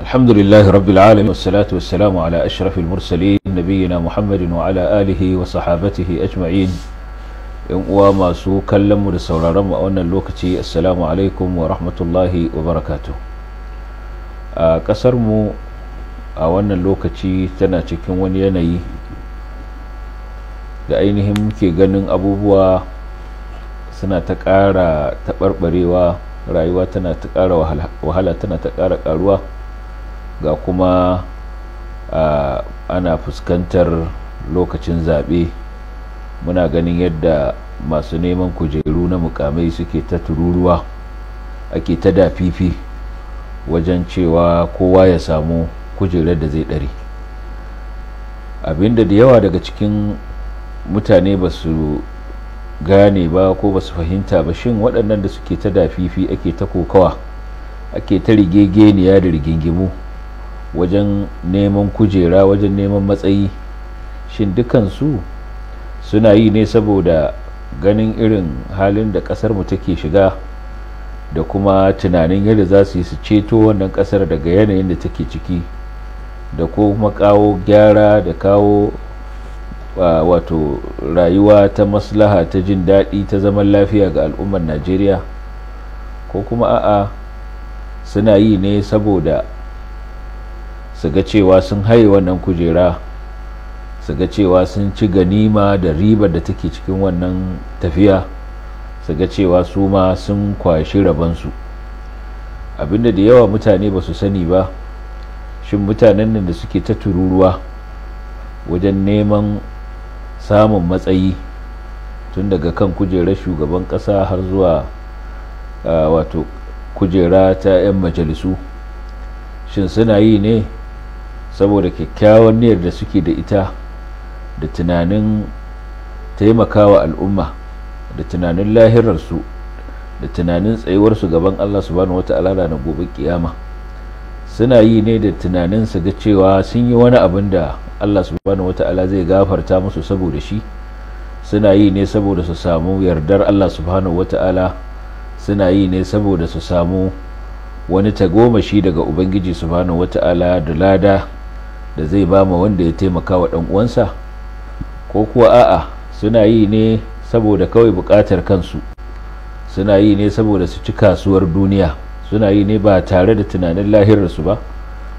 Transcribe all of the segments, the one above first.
الحمد لله رب العالمين والصلاة والسلام على أشرف المرسلين نبينا محمد وعلى آله وصحابته أجمعين وما سو كلم رسول رم أن اللوكتي السلام عليكم ورحمة الله وبركاته كسرمو أن اللوكتي تناتكم ونيني da ainihin muke ganin abubuwa suna ta ƙara taɓarɓarewa rayuwa tana ta ƙara wahala tana ta ƙara ƙaruwa ga kuma ana fuskantar lokacin zaɓe muna ganin yadda masu neman kujeru na mukamai suke ta tururuwa ake ta dafifi wajen cewa kowa ya samu kujerar da zai ɗari abinda da yawa daga cikin mutane ba su gane ba ko ba su fahimta ba shin waɗannan da suke ta dafifi ake ta kokawa ake ta rigegeniya da rigingimu wajen neman kujera wajen neman matsayi shin dukansu suna yi ne saboda ganin irin halin da kasar mu take shiga da kuma tunanin yadda za su yi su ceto wannan kasar daga yanayin da take ciki da kuma kawo gyara da kawo wato rayuwa ta maslaha ta jin daɗi ta zaman lafiya ga al'ummar najeriya ko kuma a'a suna yi ne saboda su ga cewa sun haye wannan kujera su ga cewa sun ci ganima da ribar da take cikin wannan tafiya su ga cewa su ma sun kwashi rabansu abinda da yawa mutane ba su sani ba shin mutanen nan da suke ta tururuwa wajen neman samun matsayi tun daga kan kujerar shugaban kasa har zuwa ah, wato kujera ta 'yan majalisu shin suna yi ne saboda kyakkyawar niyyar da suke da ita da tunanin taimakawa al'umma da tunanin lahirarsu da tunanin tsayuwarsu gaban Allah subhanahu wata'ala na gobe kiyama suna yi ne da tunanin su ga cewa sun yi wani abin da Allah subhanahu wata'ala zai gafarta musu saboda shi suna yi ne saboda su samu yardar Allah subhanahu wata'ala suna yi ne saboda su samu wani tagomashi daga ubangiji subhanahu wata'ala da lada da zai ba ma wanda ya taimaka wa ɗan uwansa ko kuwa a'a suna yi ne saboda kawai buƙatar kansu suna yi ne saboda su ci kasuwar duniya suna yi ne ba tare da tunanin lahirarsu ba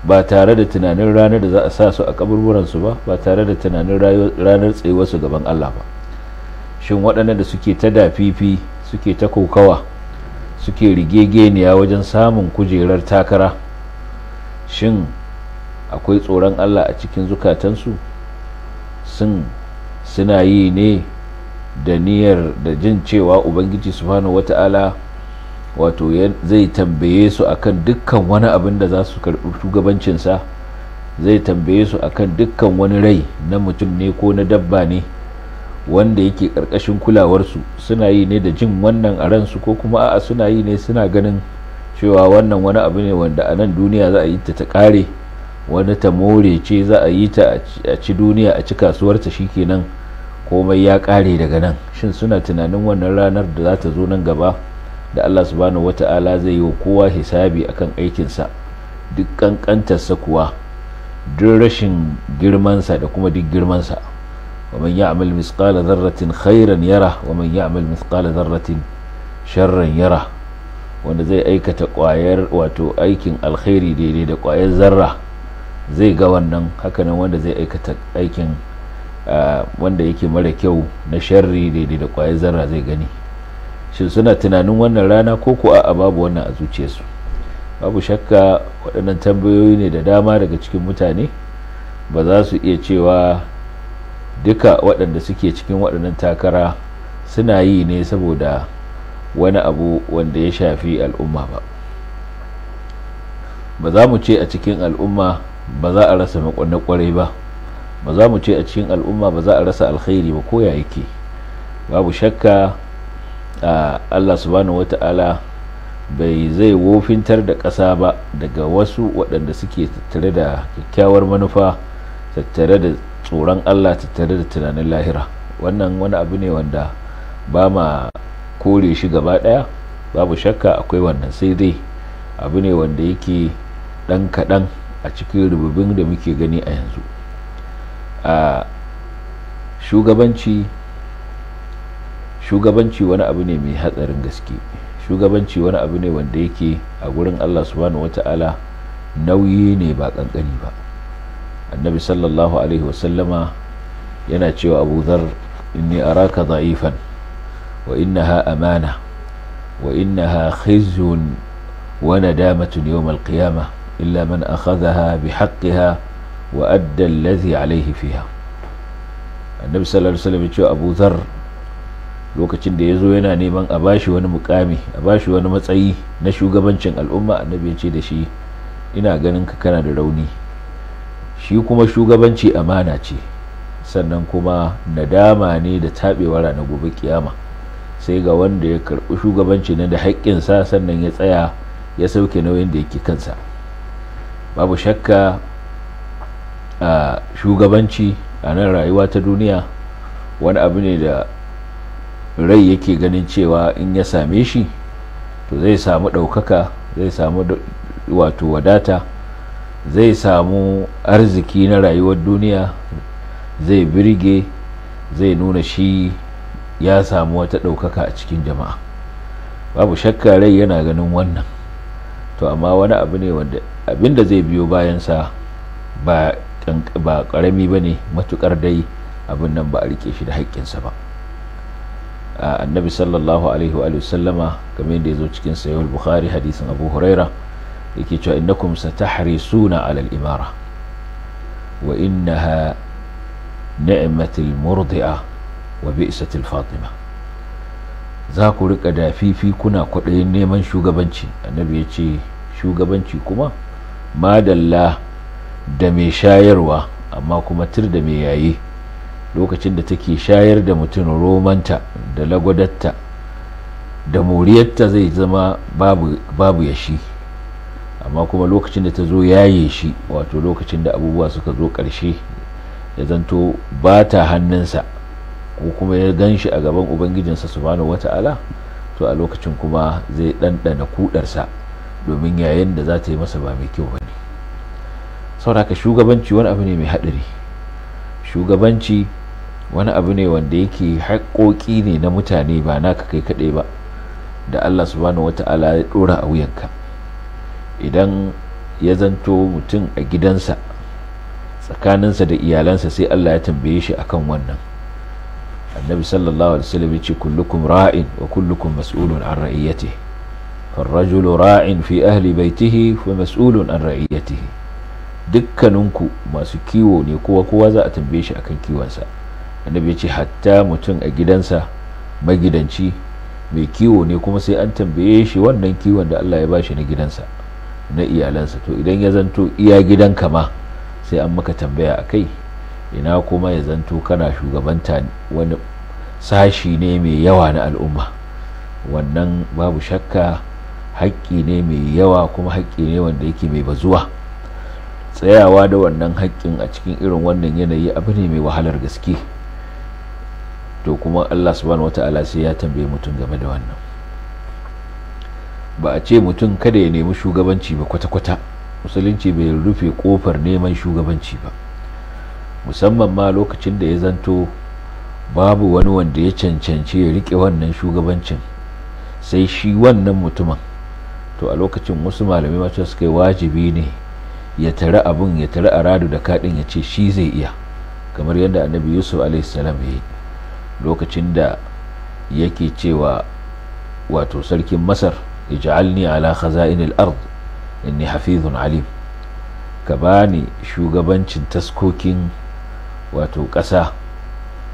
ba tare da tunanin ranar da za a sa su a kaburburansu ba ba tare da tunanin ranar tsayuwarsu gaban Allah ba shin waɗannan da suke ta dafifi suke ta kokawa suke rigegeniya wajen samun kujerar takara shin akwai tsoron Allah a cikin zukatansu sun suna yi ne da niyyar da jin cewa ubangiji subhanahu wata'ala wato zai tambaye su akan dukkan wani abin da za su karɓi shugabancinsa zai tambaye su akan dukkan wani rai na mutum ne ko na dabba ne wanda yake ƙarƙashin kulawarsu suna yi ne da jin wannan a ransu ko kuma a'a suna yi ne suna ganin cewa wannan wani abu ne wanda a nan duniya za a yi ta ta ƙare wani ta more ce za a yi ta a ci duniya a ci kasuwarta shikenan komai ya kare daga nan shin suna tunanin wannan ranar da za ta zo nan gaba da Allah su bani wata wata'ala zai yi wa kowa hisabi akan aikinsa duk kankantarsa kuwa duk rashin girmansa da kuma duk girmansa ومن يعمل مثقال ذرة خيرا يره ومن يعمل مثقال ذرة شرا يره wanda zai aikata kwayar wato aikin alkhairi daidai da kwayar zarra zai ga wannan hakanan wanda zai aikata aikin wanda yake mara kyau na sharri daidai da kwaye zarra zai gani shin suna tunanin wannan rana ko kuwa a babu wannan a zuciyarsu babu shakka waɗannan tambayoyi ne da dama daga cikin mutane ba za su iya cewa duka waɗanda suke cikin waɗannan takara suna yi ne saboda wani abu wanda ya shafi al'umma ba ba za mu ce a cikin al'umma ba za a rasa makonni kwarai ba ba za mu ce a cikin al'umma ba za a rasa alkhairi ba ko ya yake babu shakka a allah subhanahu ta'ala bai zai wofintar da ƙasa ba daga wasu waɗanda suke tattare da kyakkyawar manufa tattare da tsoron allah tattare da tunanin lahira wannan wani abu ne wanda ba ma kore shi gaba ɗaya babu shakka akwai wannan sai dai abu ne wanda yake ɗan kaɗan a cikin rububin da muke gani a yanzu a shugabanci shugabanci wani abu ne mai hatsarin gaske shugabanci wani abu ne wanda yake a gurin allah subhanahu ta'ala nauyi ne ba kankani ba annabi sallallahu alaihi wasallama yana cewa abu zar inni araka za'ifan wa innaha amana wa innaha khizyun wa nadamatun yawm al-qiyamah إلا من أخذها بحقها وأدى الذي عليه فيها النبي صلى الله عليه وسلم يقول أبو ذر lokacin da ya zo yana neman a bashi wani mukami a bashi wani matsayi na shugabancin al'umma annabi ya ce da shi ina ganin ka kana da rauni shi kuma shugabanci amana ce sannan kuma nadama ne da taɓewa na gobe kiyama sai ga wanda ya karɓi shugabanci na da haƙƙinsa sannan ya tsaya ya sauke nauyin da yake kansa babu shakka a shugabanci a nan rayuwa ta duniya wani abu ne da rai yake ganin cewa in ya same shi to zai samu ɗaukaka zai samu wato wadata zai samu arziki na rayuwar duniya zai birge zai nuna shi ya samu wata ɗaukaka a cikin jama'a babu shakka rai yana ganin wannan to amma wani abu ne wanda abinda da zai biyo bayansa ba karami ba ne matukar dai abin nan ba a rike shi da haƙƙinsa ba annabi sallallahu alaihi wa sallama game da ya zo cikin sayar bukhari hadisin abu huraira yake cewa innakum suna alal imara wa ha ni'matil murdi'a wa bi'satil fatima za ku rika da fifi kuna kwaɗayin neman shugabanci annabi ya ce shugabanci kuma madalla da mai shayarwa amma kuma tur da mai yayi lokacin da take shayar da mutum romanta da lagwadatta da moriyarta zai zama babu, babu ya shi amma kuma lokacin da ta zo yaye shi wato lokacin da abubuwa suka zo ƙarshe ya zanto ba ta hannunsa ko kuma ya gan shi a gaban ubangijinsa subhanahu wata'ala to a lokacin kuma zai ɗanɗana kudarsa domin yayin da za ta yi masa ba mai kyau ba ne sauraka shugabanci wani abu ne mai haɗari shugabanci wani abu ne wanda yake haƙoƙi ne na mutane ba naka kai kaɗai ba da allah subhanahu ala ya ɗora a wuyanka idan ya zanto mutum a gidansa tsakaninsa da iyalansa sai allah ya tambaye shi akan wannan annabi sallallahu alaihi wasallam ya ce kullukum ra'in wa kullukum mas'ulun an ce. الرجل راع في أهل بيته فمسؤول عن رعيته dukkaninku masu kiwo ne kowa kowa za a tambaye shi akan kiwonsa annabi ya hatta mutum a gidansa magidanci mai kiwo ne kuma sai an tambaye shi wannan kiwon da Allah ya bashi na gidansa na iyalansa to idan ya zanto iya gidanka ma sai an maka tambaya a kai ina kuma ya zanto kana shugabanta wani sashi ne mai yawa na al'umma wannan babu shakka haƙƙi ne mai yawa kuma haƙƙi ne wanda yake mai bazuwa tsayawa da wannan haƙƙin a cikin irin wannan yanayi abu ne mai wahalar gaske to kuma allah subhanahu wata'ala sai ya tambaye mutum game da wannan ba a ce mutum kada ya nemi shugabanci ba kwata-kwata musulunci bai rufe kofar neman shugabanci ba musamman ma lokacin da ya zanto babu wani wanda ya cancanci ya rike wannan shugabancin sai shi wannan mutumin to a lokacin wasu malamai ma suka yi wajibi ne ya tare abun ya tare a radu da kaɗin ya ce shi zai iya kamar yadda annabi yusuf alaihissalam ya yi lokacin da yake cewa wato sarkin masar ya ja'alni ala khaza'inil ard inni hafizun alim ka bani shugabancin taskokin wato ƙasa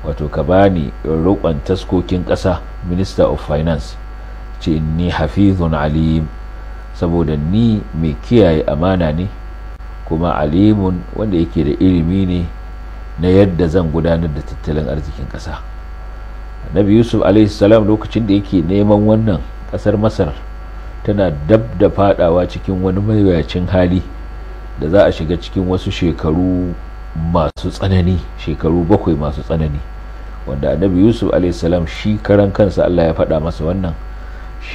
wato ka bani roƙon taskokin ƙasa minister of finance ce inni hafizun alim saboda ni mai kiyaye amana ne kuma alimun wanda yake da ilimi ne na yadda zan gudanar da tattalin arzikin ƙasa annabi yusuf salam lokacin da yake neman wannan ƙasar masar tana dab da fadawa cikin wani mawuyacin hali da za a shiga cikin wasu shekaru masu tsanani shekaru bakwai masu tsanani wanda nabi yusuf salam shi karan kansa allah ya faɗa masa wannan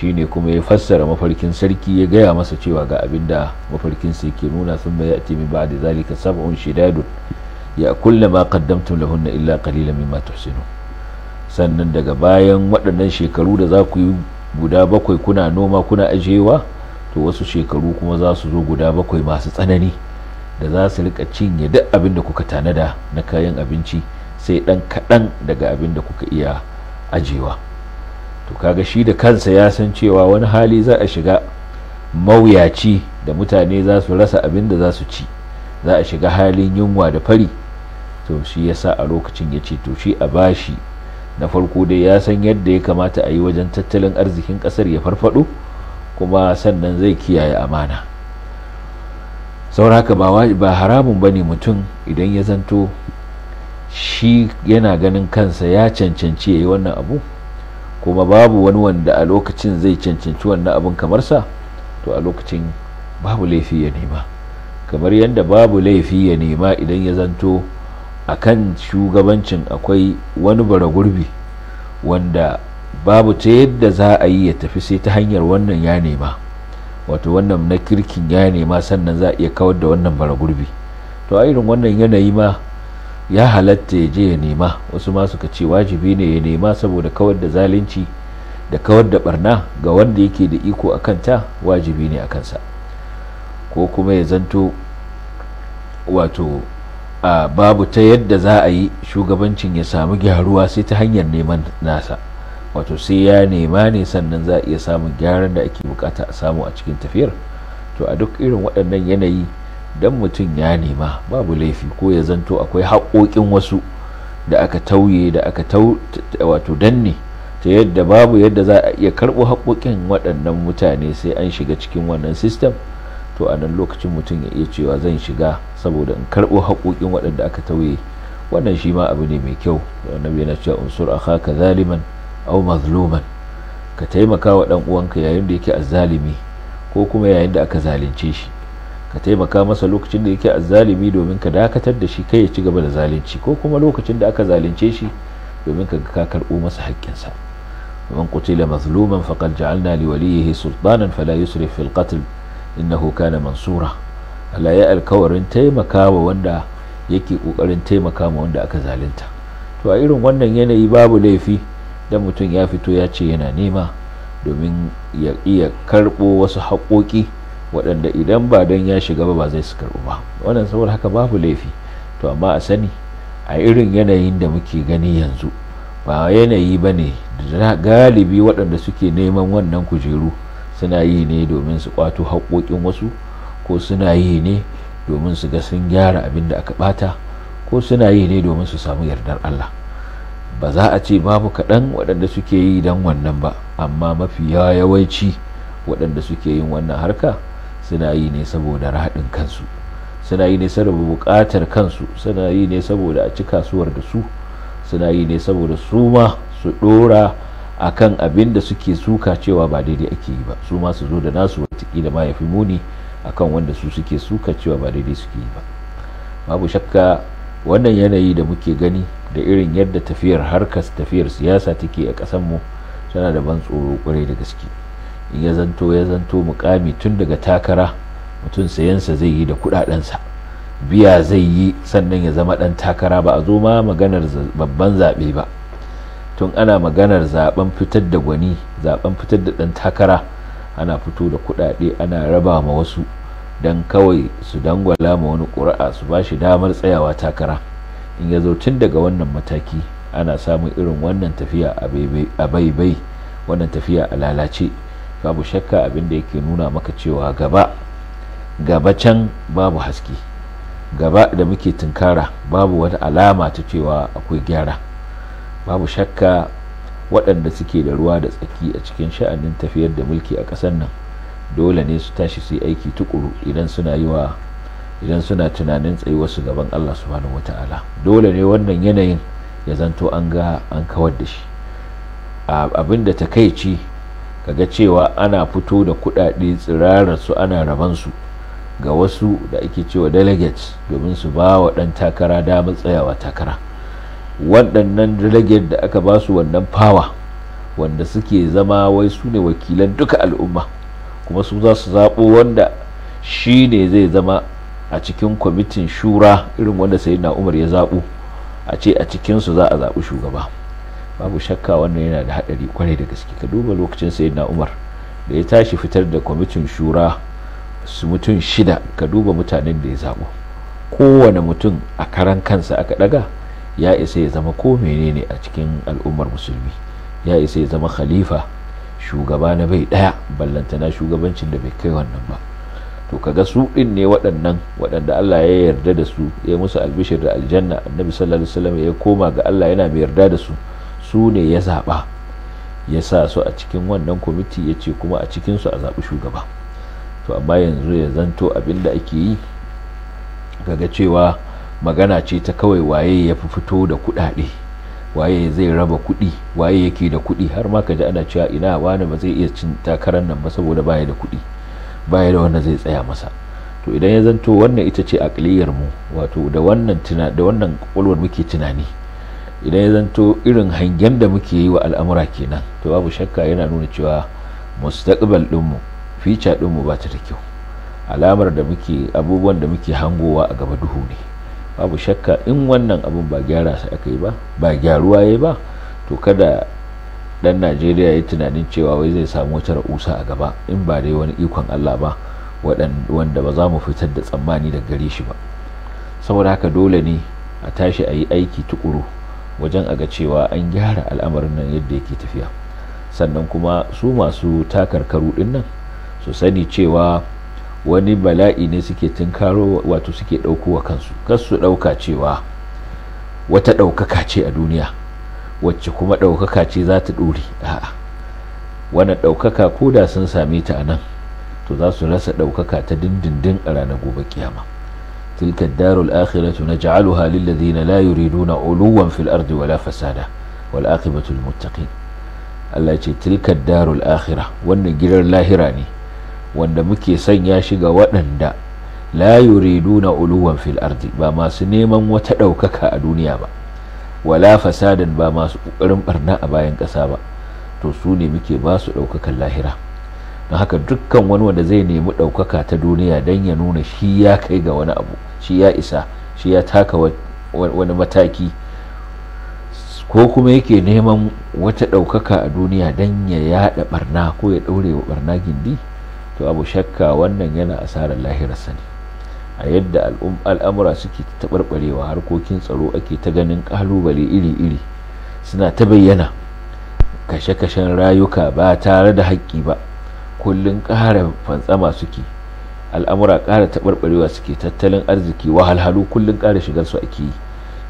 shine kuma ya fassara mafarkin sarki ya gaya masa cewa ga abin da mafarkinsa yake nuna sun mai ya'ti min ba'da zalika sab'un shidadun ya kulla ma qaddamtum lahunna illa qalilan mimma sannan daga bayan waɗannan shekaru da za ku yi guda bakwai kuna noma kuna ajiyewa to wasu shekaru kuma za su zo guda bakwai masu tsanani da za su rika cinye duk abin da kuka tanada na kayan abinci sai ɗan kaɗan daga abin da kuka iya ajiyewa. to kaga shi da kansa ya san cewa wani hali za a shiga mawuyaci da mutane za su rasa abin da za su ci za a shiga halin yunwa da fari to shi ya sa a lokacin ya ce to shi a bashi na farko dai ya san yadda ya kamata a yi wajen tattalin arzikin kasar ya farfado kuma sannan zai kiyaye amana sauraka ba haramun ba ne mutum idan ya zanto shi yana ganin kansa ya cancanci ya yi wannan abu kuma babu wani wanda a lokacin zai cancanci wannan abin sa to a lokacin babu laifi ya nema kamar yadda babu laifi ya nema idan ya zanto a kan shugabancin akwai wani bara gurbi wanda babu ta yadda za a yi ya tafi sai ta hanyar wannan ya nema wato wannan na kirkin ya nema sannan za a iya kawar da wannan bara gurbi to a irin wannan yanayi ma ya halatta ya je ya nema wasu ma suka ce wajibi ne ya nema saboda kawar da zalunci da kawar da barna ga wanda yake da iko a kanta wajibi ne a kansa ko kuma ya zanto wato a babu ta yadda za a yi shugabancin ya samu gyaruwa sai ta hanyar neman nasa wato sai ya nema ne sannan za a iya samun gyaran da ake bukata a samu a cikin tafiyar to a duk irin waɗannan yanayi don mutum ya nema babu laifi ko ya zanto akwai haƙoƙin wasu da aka tauye da aka wato danne ta yadda babu yadda za a iya karɓo haƙoƙin waɗannan mutane sai an shiga cikin wannan sistem to a nan lokacin mutum ya iya cewa zan shiga saboda in karɓo haƙoƙin waɗanda aka tauye wannan shi ma abu ne mai kyau annabi yana cewa unsur akhaka zaliman aw mazluman ka taimaka wa ɗan uwanka yayin da yake azzalimi ko kuma yayin da aka zalunce shi ka taimaka masa lokacin da yake azzalimi domin ka dakatar da shi kai ya ci gaba da zalunci ko kuma lokacin da aka zalunce shi domin ka ka karɓo masa haƙƙinsa man qutila mazluman faqad ja'alna li waliyhi sultanan fala yusrif fil na innahu na mansura Allah ya alkawarin taimakawa wanda yake kokarin taimaka ma wanda aka zalunta to a irin wannan yanayi babu laifi da mutum ya fito ya ce yana nema domin ya iya karɓo wasu haƙoƙi waɗanda idan ba don ya shiga ba ba zai su karɓu ba wannan saboda haka babu laifi to amma a sani a irin yanayin da muke gani yanzu ba yanayi ba ne galibi waɗanda suke neman wannan kujeru suna yi ne domin su kwato haƙoƙin wasu ko suna yi ne domin su ga sun gyara abin da aka ɓata ko suna yi ne domin su samu yardar Allah ba za a ce babu kaɗan waɗanda suke yi don wannan ba amma mafi yawanci waɗanda suke yin wannan harka suna yi ne saboda raɗin kansu suna yi ne saboda buƙatar kansu suna yi ne saboda a ci kasuwar da su suna yi ne saboda su ma su ɗora a kan abin da suke suka cewa ba daidai ake yi ba su ma su zo da nasu watakila ma ya fi muni a kan wanda su suke suka cewa ba daidai suke yi ba babu shakka wannan yanayi da muke gani da irin yadda tafiyar harkar tafiyar siyasa take a ƙasanmu tana da ban tsoro kwarai da gaske ya zanto ya zanto mukami tun daga takara mutum sayansa zai yi da kudadensa biya zai yi sannan ya zama dan takara ba a zo ma maganar babban zaɓe ba tun ana maganar zaben fitar da gwani zaben fitar da dan takara ana fito da kudade ana raba ma wasu don kawai su dangwala ma wani ƙuri'a su ba shi damar tsayawa takara in ya zo tun daga wannan mataki ana samun irin wannan tafiya a baibai wannan tafiya a lalace babu shakka abin da yake nuna maka cewa gaba gaba can babu haske gaba da muke tunkara babu wata alama ta cewa akwai gyara babu shakka waɗanda suke da ruwa da tsaki a cikin sha'anin tafiyar da mulki a ƙasar nan dole ne su tashi su yi aiki tukuru idan suna yi wa idan suna tunanin tsayuwar su gaban Allah subhanahu wata'ala dole ne wannan yanayin ya zanto an ga an kawar da shi abin da takaici kaga cewa ana fito da kuɗaɗe tsirarar su ana su ga wasu da ake cewa delegates domin su ba wa ɗan takara damar tsayawa takara waɗannan delegates da aka ba su wannan fawa wanda suke zama wai su ne wakilan duka al'umma kuma su za su zaɓo wanda shi ne zai zama a cikin kwamitin shura irin wanda sayi na umar ya zaɓo a ce a cikinsu za a zaɓi shugaba babu shakka wannan yana da haɗari kwarai da gaske ka duba lokacin sayyidina umar da ya tashi fitar da kwamitin shura su mutum shida ka duba mutanen da ya zaɓo kowane mutum a karan kansa aka ɗaga ya isa ya zama ko menene a cikin al'ummar musulmi ya isa ya zama khalifa shugaba na bai ɗaya ballantana shugabancin da bai kai wannan ba to kaga su ɗin ne waɗannan waɗanda Allah ya yarda da su ya musu albishir da aljanna annabi sallallahu alaihi wasallam ya koma ga Allah yana mai yarda da su su ne ya zaɓa ya sa su a cikin wannan kwamiti ya ce kuma a cikin su a zaɓi shugaba to amma yanzu ya zanto abin da ake yi gaga cewa magana ce ta kawai waye ya fi fito da kuɗaɗe waye zai raba kuɗi waye yake da kuɗi har ma ka ji ana cewa ina wani ba zai iya cin takarar nan ba saboda baya da kuɗi baya da wanda zai tsaya masa to idan ya zanto wannan ita ce aƙiliyar mu wato da wannan tuna da wannan muke tunani idan ya zanto irin hangen da muke yi wa al'amura kenan to babu shakka yana nuna cewa mustaqbal dinmu fica dinmu ba ta da kyau alamar da muke abubuwan da muke hangowa a gaba duhu ne babu shakka in wannan abun ba gyara sai aka ba ba gyaruwa yayi ba to kada dan najeriya ya tunanin cewa wai zai samu wata ra'usa a gaba in ba dai wani ikon allah ba wanda ba za mu fitar da tsammani da gare shi ba saboda haka dole ne a tashi a yi aiki tukuru wajen a ga cewa an gyara al'amarin nan yadda yake tafiya sannan kuma su masu takarkaru din nan su sani cewa wani bala'i ne suke tunkaro wato suke ɗaukowa kansu kar su ɗauka cewa wata ɗaukaka ce a duniya wacce kuma ɗaukaka ce za ta ɗore a'a wani ɗaukaka ko da sun same ta a nan to za su rasa ɗaukaka ta dindindin a ranar gobe kiyama وتلك الدار الآخرة نجعلها للذين لا يريدون علوا في الأرض ولا فسادا والآقبة للمتقين Allah ce tilka darul akhira wannan gidan lahira ne wanda muke sanya shi ga waɗanda la yuriduna uluwan fil ba masu neman wata ɗaukaka a duniya ba wala fasadan ba masu ƙoƙarin barna a bayan ƙasa ba to su ne muke basu su lahira don haka dukkan wani wanda zai nemi ɗaukaka ta duniya don ya nuna shi ya kai ga wani abu shi ya isa shi ya taka wani mataki ko kuma yake neman wata ɗaukaka a duniya don ya yaɗa barna ko ya ɗaure wa barna gindi to abu shakka wannan yana asarar lahirar sani a yadda al'amura suke taɓarɓarewa harkokin tsaro ake ta ganin ƙalubale iri-iri suna ta bayyana kashe-kashen rayuka ba tare da haƙƙi ba kullum ƙara fantsama suke al'amura ƙara taɓarɓarewa suke tattalin arziki wahalhalu kullun ƙara shigar su ake yi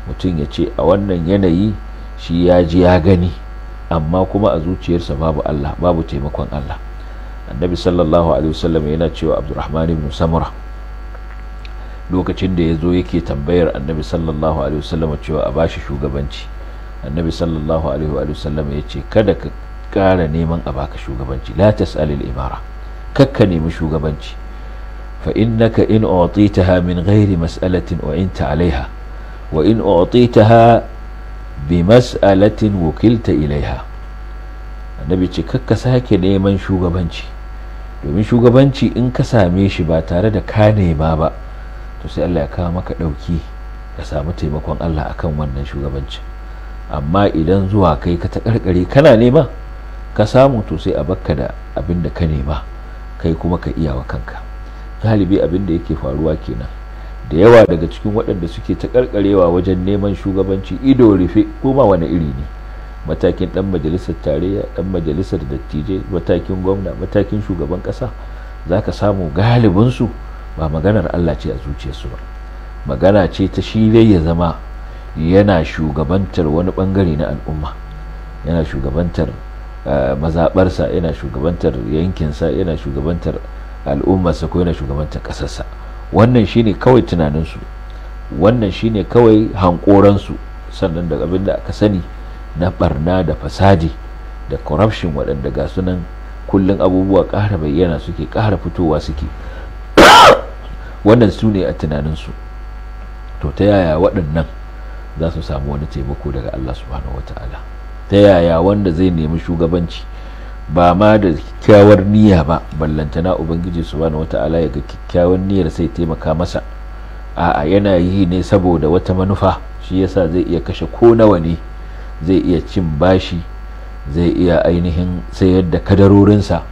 mutum ya ce a wannan yanayi shi ya ji ya gani amma kuma a zuciyarsa babu Allah babu taimakon Allah annabi sallallahu alaihi wasallam yana cewa abdurrahman ibn samura lokacin da ya zo yake tambayar annabi sallallahu alaihi wasallam cewa a bashi shugabanci annabi sallallahu alaihi wasallam ya ce kada ka ƙara neman a baka shugabanci la tas'alil imara kakka nemi shugabanci fa innaka in utitaha min ghairi mas'alatin u'inta alaiha wa in utitaha bi mas'alatin wukilta ilaiha annabi ce kakka sake neman shugabanci domin shugabanci in ka same shi ba tare da ka nema ba to sai Allah ya kawo maka ɗauki ka samu taimakon Allah akan wannan shugabanci amma idan zuwa kai ka ta karkare kana nema ka samu to sai a bakka da abin da ka nema kai kuma ka iya wa kanka galibi abin da yake faruwa kenan da yawa daga cikin waɗanda suke ta karkarewa wajen neman shugabanci ido rufe kuma wani iri ne matakin dan majalisar tarayya ɗan majalisar dattijai matakin gwamna matakin shugaban ƙasa za ka samu galibinsu ba maganar allah ce a zuciyarsu ba magana ce ta shi dai ya zama yana shugabantar wani bangare na al'umma yana shugabantar Eh, mazabarsa yana shugabantar yankinsa yana shugabantar al'ummarsa ko yana shugabantar ƙasarsa wannan shine kawai tunaninsu wannan shine kawai hankoransu sannan da abin da aka sani na barna da fasadi da corruption waɗanda ga sunan kullum abubuwa ƙara bayyana suke ƙara fitowa suke wannan su ne a tunaninsu to ta yaya waɗannan za su samu wani taimako daga allah subhanahu wa ta'ala ta yaya wanda zai nemi shugabanci ba ma da kyakkyawar niyya ba ballantana ubangiji wata wata'ala ya ga kyakkyawar niyyar sai taimaka masa a'a yana yi ne saboda wata manufa shi yasa zai iya kashe ko nawa ne zai iya cin bashi zai iya ainihin sayar da kadarorinsa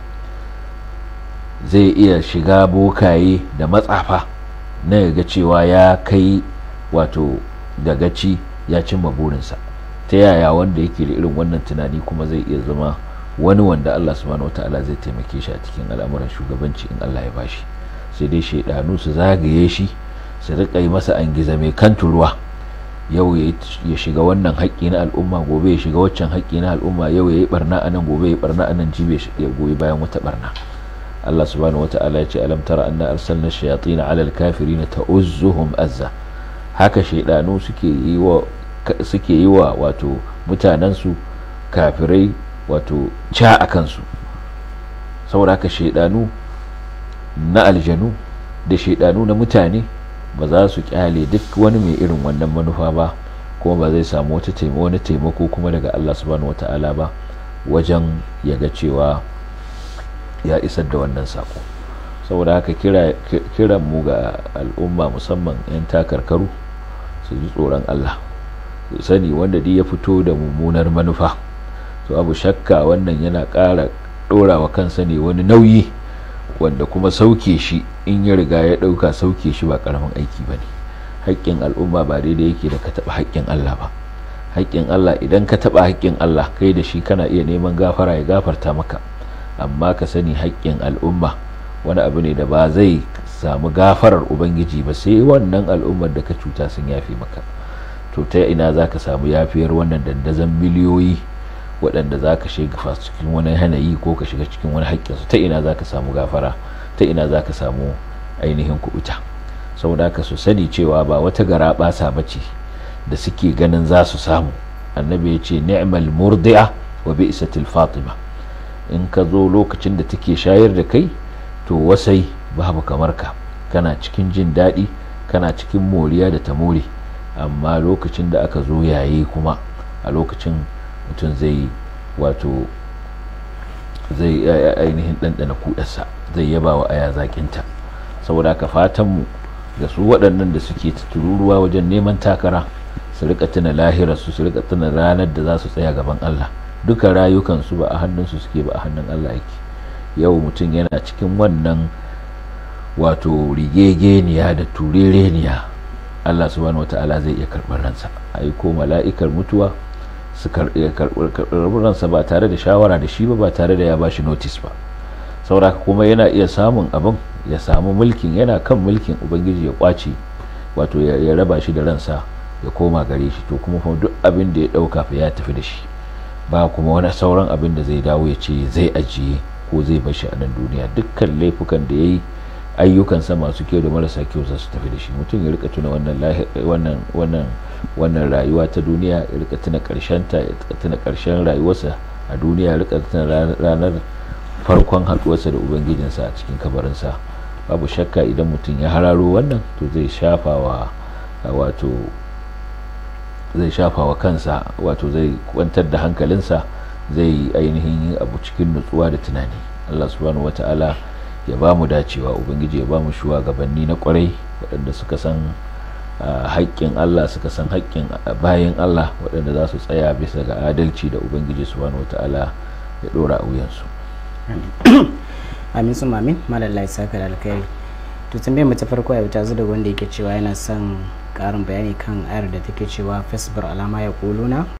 zai iya shiga bokaye da matsafa na ga cewa ya kai wato dagaci ya cimma burinsa ta yaya wanda yake da irin wannan tunani kuma zai iya zama wani wanda Allah subhanahu wataala zai taimake shi a cikin al'amuran shugabanci in Allah ya bashi sai dai shaidanu su zagaye shi su riƙa yi masa giza mai kan turuwa yau ya shiga wannan haƙƙi na al'umma gobe ya shiga waccan haƙƙi na al'umma yau ya yi barna a nan gobe ya barna a nan jibe ya goyi bayan wata barna Allah subhanahu ala ya ce alam tara anna arsalna shayatin ala kafiri na ta'uzzuhum azza haka shaidanu suke yi wa suke yi wa wato mutanensu kafirai wato ca a kansu saboda haka shaidanu na aljanu da shaidanu na mutane ba za su kyale duk wani mai irin wannan manufa ba kuma ba zai samu wani taimako kuma daga Allah su subhanahu wata'ala ba wajen ya ga cewa ya isar da wannan sako saboda haka kiran mu ga al'umma musamman 'yan takarkaru su ji tsoron Allah sani wanda duk ya fito da mummunar manufa to abu shakka wannan yana ƙara ɗorawa kansa ne wani nauyi wanda kuma sauke shi in ya riga ya ɗauka sauke shi ba karamin aiki ba ne haƙƙin al'umma ba daidai yake da ka taɓa haƙƙin Allah ba haƙƙin Allah idan ka taɓa haƙƙin Allah kai da shi kana iya neman gafara ya gafarta maka amma ka sani haƙƙin al'umma wani abu ne da ba zai samu gafarar ubangiji ba sai wannan al'ummar da ka cuta sun yafe maka to ta ina za ka samu yafiyar wannan dandazon miliyoyi waɗanda za ka shiga cikin wani hanayi ko ka shiga cikin wani haƙƙinsu ta ina za ka samu gafara ta ina za ka samu ainihin kuɓuta saboda ka su sani cewa ba wata gara ɓasa ba ce da suke ganin za su samu annabi ya ce ni'mal murdi'a wa bi'satil fatima in ka zo lokacin da take shayar da kai to wasai babu kamar ka kana cikin jin daɗi kana cikin moriya da ta more amma lokacin da aka zo yayi kuma a lokacin mutum zai wato zai ainihin ɗanɗana kudarsa zai yaba wa aya zaƙinta saboda ka fatanmu ga su waɗannan da suke tururuwa wajen neman takara su rika tuna lahirarsu su rika tuna ranar da za su tsaya gaban Allah duka rayukansu ba a hannunsu suke ba a hannun Allah yake yau mutum yana cikin wannan wato rigegeniya da turereniya Allah subhanahu wata'ala zai iya karɓar ransa ko mala'ikar mutuwa su karɓar ransa ba tare da shawara da shi ba ba tare da ya ba shi notis ba saura kuma yana iya samun abin ya samu mulkin yana kan mulkin ubangiji ya kwace wato ya raba shi da ransa ya koma gare shi to kuma duk abin da ya ɗauka fa ya tafi da shi ba kuma wani sauran abin da zai dawo ya ce zai ajiye ko zai bashi a nan duniya dukkan laifukan da ya yi ayyukansa masu kyau da marasa kyau za su tafi da shi mutum ya rika tuna wannan rayuwa ta duniya ya rika tuna karshen ta ya tuna karshen rayuwarsa a duniya ya rika tuna ranar farkon haduwarsa da ubangijinsa a cikin kabarinsa babu shakka idan mutum ya hararo wannan to zai shafa wa wato zai shafa wa kansa wato zai kwantar da hankalinsa zai ainihin abu cikin nutsuwa da tunani Allah subhanahu wata'ala ya ba mu dacewa ubangiji ya ba mu shuwa gabanni na kwarai waɗanda suka san haƙƙin Allah suka san haƙƙin bayan Allah waɗanda za su tsaya bisa ga adalci da ubangiji su wata wata'ala ya ɗora a wuyansu amin su mamin malalla isa ka da alkhairi to tambayar mu ta farko ya ta zo da wanda yake cewa yana son ƙarin bayani kan ayar da take cewa fasbar alama ya kuluna